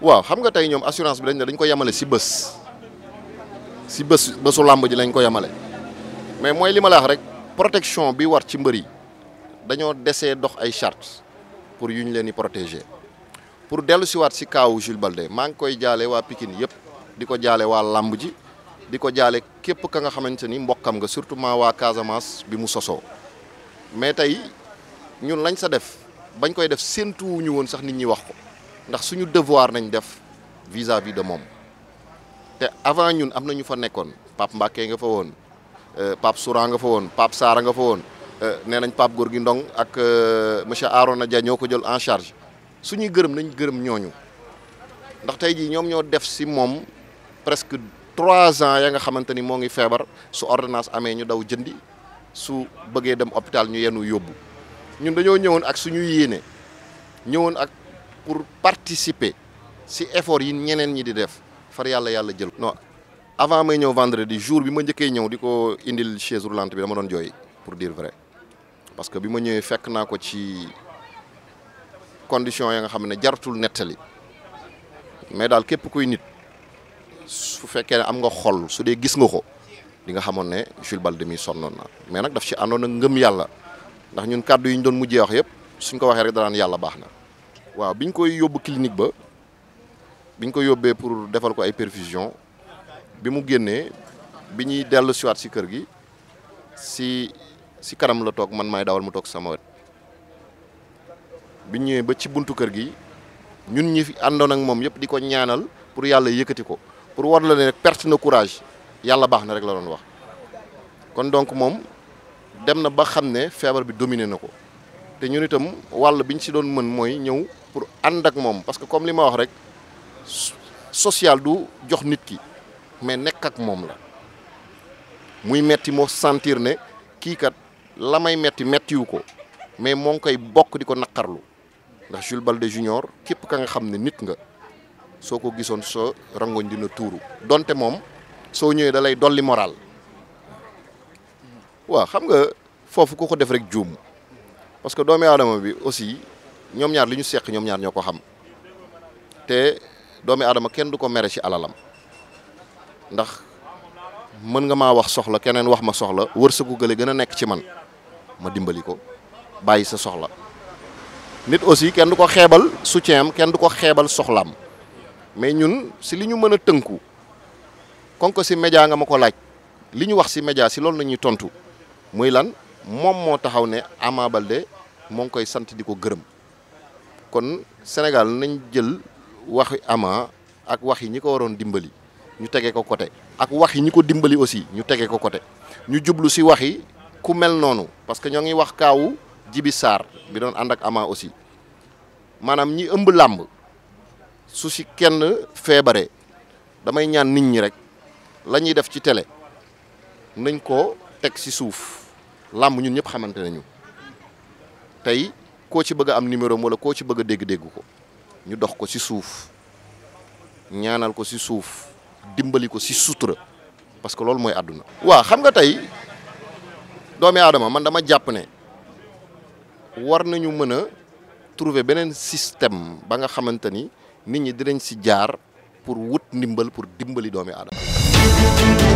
waaw xam nga tey ñoom assurance bi dañ dañ koy yemale si bës si bés bésu làmb ji lañ ko yemale mais mooy li ma rek protection bi war ci mbër yi dañoo desee dox ay charte pour yu ñu leen di protéger pour dellu si waat si kaawu Jules Baldé maa ngi koy jaalee waa Pikine yëpp di ko jaale waa làmb ji di ko jaale képp ka nga xamante ni mbokkam nga surtout maa waa Casamance bi mu sosoo mais tey ñun lañ sa def bañ koy def séentuwuñu woon sax nit ñi wax ko ndax suñu devoir nañ def visa à vis de moom te avant ñun am na ñu fa nekkoon Pape Mbacké nga fa woon euh, Pape Soura nga fa woon Pape Saara nga fa woon euh, nee nañ Pape Gorgui Ndong ak euh, monsieur Arona Dia ñoo ko jël en charge suñuy gërëm nañ gërëm ñooñu ndax tey jii ñoom ñoo def si moom presque trois ans ya nga xamante ni moo ngi feebar su ordonnance amee ñu daw jëndi su bëggee dem hôpital ñu yenu yóbbu ñun dañoo ñëwoon ak suñu yéene ñëwoon ak pour participer si effort yi ñeneen ñi di def far yàlla yàlla jël no avant may ñëw vendredi jour bi ma njëkkee ñëw di ko indil chaise roulante bi dama doon jooy pour dire vrai parce que bi ma ñëwee fekk naa ko ci condition ya nga xam ne jartul nettali mais daal képp kuy nit su fekkee ne am nga xool su dee gis nga ko di nga xamoon ne Jules Baldé mi sonnoon na mais nag daf ci àndoon ak ngëm yàlla ndax ñun kàddu yi ñu doon mujjee wax yëpp suñ ko waxee rek danaan yàlla baax na waaw bi ñu koy yóbbu clinique ba bi ñu koy yóbbee pour defal ko ay perfusion bi mu génnee bi ñuy dellu siwaat si kër gi si si kanam la toog man may dawal mu toog sama wet bi ñëwee ba ci buntu kër gi ñun ñi fi àndoon ak moom yëpp di ko ñaanal pour yàlla yëkkati ko pour war la ne perte na courage yàlla baax na rek la doon wax kon donc moom dem na ba xam ne feebar bi dominé na ko te ñun itam wàll bi ñu si doon mën mooy ñëw. pour ànd ak moom parce que comme li ma wax rek social du jox nit ki mais nekk ak moom la muy metti moo sentir ne kii kat la may metti mettiwu ko mais moo ngi koy bokk di ko naqarlu ndax Jules Baldé Junior képp ka nga xam ne nit nga soo ko gisoon soo rangoñ dina tuuru donte moom soo ñëwee dalay lay dolli moral waaw xam nga foofu ku ko def rek juum parce que doomu aadama bi aussi ñoom ñaar li ñu seq ñoom ñaar ñoo ko xam te doomi adama kenn du ko mere si alalam ndax mën nga maa wax soxla keneen wax ma soxla wër sa gële gën a nekk ci man ma dimbali ko bàyyi sa soxla nit aussi kenn du ko xeebal soutien am kenn du ko xeebal soxlaam mais ñun si li ñu mën a tënku kon ko si média nga ma ko laaj li ñu wax si média si loolu la ñuy tontu muy lan moom moo taxaw ne Ama Baldé moo ngi koy sant di ko gërëm kon Sénégal nañ jël waxi Ama ak wax yi ñi ko waroon dimbali ñu tege ko côté ak wax yi ñi ko dimbali aussi ñu tege ko côté ñu jublu si wax yi ku mel noonu parce que ñoo ngi wax kaawu Jibi saar bi doon ànd ak Ama aussi maanaam ñi ëmb làmb su si kenn feebaree damay ñaan nit ñi rek la ñuy def ci télé nañ ko teg si suuf làmb ñun ñëpp xamante nañu tey koo ci bëgg a am numéro wala koo ci bëgga dégg-dégg ko ñu dox ko ci suuf ñaanal ko ci suuf dimbali ko ci suutre parce que loolu mooy àdduna. waa xam nga tey doomi aadama man dama jàpp ne war nañu mën a trouver beneen système ba nga xamante ni nit ñi dinañ ci jaar pour wut ndimbal pour dimbali doomi aadama.